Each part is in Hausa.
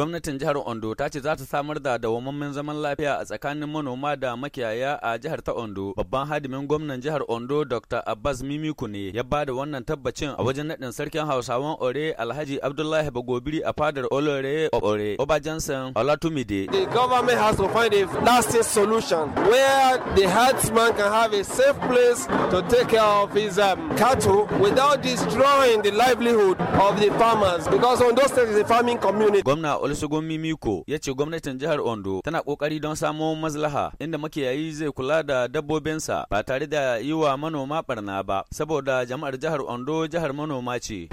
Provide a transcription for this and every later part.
Gwamnatin jihar Ondo ta ce za ta samar da dawwammamin zaman lafiya a tsakanin manoma da makiyaya a jihar ta Ondo. Babban hadimin gwamnan jihar Ondo Dr. Abbas Mimiku ne ya ba da wannan tabbacin a wajen naɗin sarkin Hausawan Ore Alhaji Abdullahi Bagobiri a fadar Olore Ore Oba Johnson Olatumide. The government has to find a lasting solution where the herdsman can have a safe place to take care of his um, cattle without destroying the livelihood of the farmers because Ondo State is a farming community. Gwamna olusegun mimiko ya ce gwamnatin jihar ondo tana kokari don samo maslaha inda makiyayi zai kula da dabbobinsa ba tare da yi wa manoma barna ba saboda jama'ar jihar ondo jihar manoma ce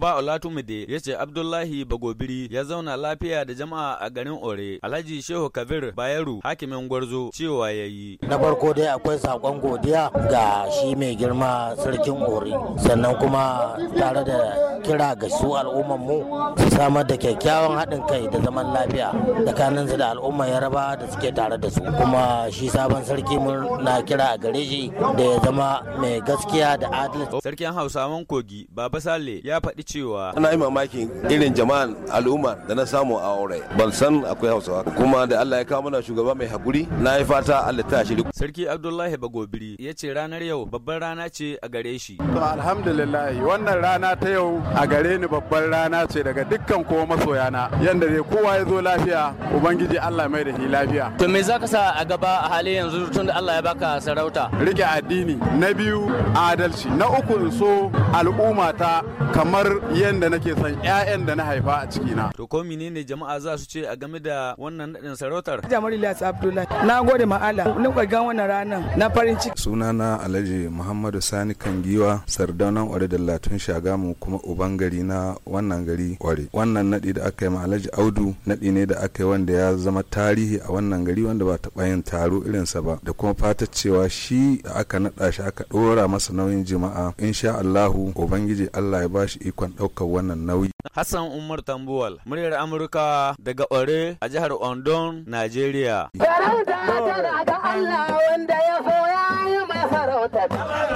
ba olatumide ya ce abdullahi bagobiri ya zauna lafiya da jama'a a garin ore alhaji shehu kabir bayaru hakimin gwarzo cewa ya yi na farko dai akwai sakon godiya ga shi mai girma sarkin ore sannan kuma tare da kira ga su al'umman mu su samar da kyakkyawan haɗin kai da zaman lafiya tsakanin su da ya raba da suke tare da su kuma shi sabon sarki mun na kira a gare shi da ya zama mai gaskiya da adalci sarkin hausawan kogi baba sale ya faɗi cewa ana yi mamakin irin jama'an al'umma da na samu a aure ban san akwai hausawa kuma da allah ya kawo mana shugaba mai hakuri na yi fata allah ta shi. sarki abdullahi bagobiri ya ce ranar yau babban rana ce a gare shi to alhamdulillah wannan rana ta yau a gare gare ni babban rana ce daga dukkan kowa masoyana yanda dai kowa ya zo lafiya ubangiji Allah mai da shi lafiya to me zaka sa a gaba a hali yanzu tun da Allah ya baka sarauta rike addini na biyu adalci na uku so al'umma ta kamar yanda nake son ƴaƴan da na haifa a cikina to ko menene jama'a za su ce a game da wannan nadin sarautar jama'ar Ilyas Abdullahi na gode ma Allah ni ga wannan ranar na farin ciki sunana Alhaji Muhammadu Sani Kangiwa sardaunan Ore da Latun Shagamu kuma uban gari na wannan gari kware wannan nadi da aka yi ma alhaji audu nadi ne da aka yi wanda ya zama tarihi a wannan gari wanda ba taɓa yin taro irinsa ba da kuma fata cewa shi da aka naɗa shi aka ɗora masa nauyin jima'a insha Allahu ubangiji Allah ya ba shi ikon ɗaukar wannan nauyi Hassan Umar Tambuwal muryar Amurka daga ware a jihar Ondon Najeriya Farauta tana ga Allah wanda ya so yi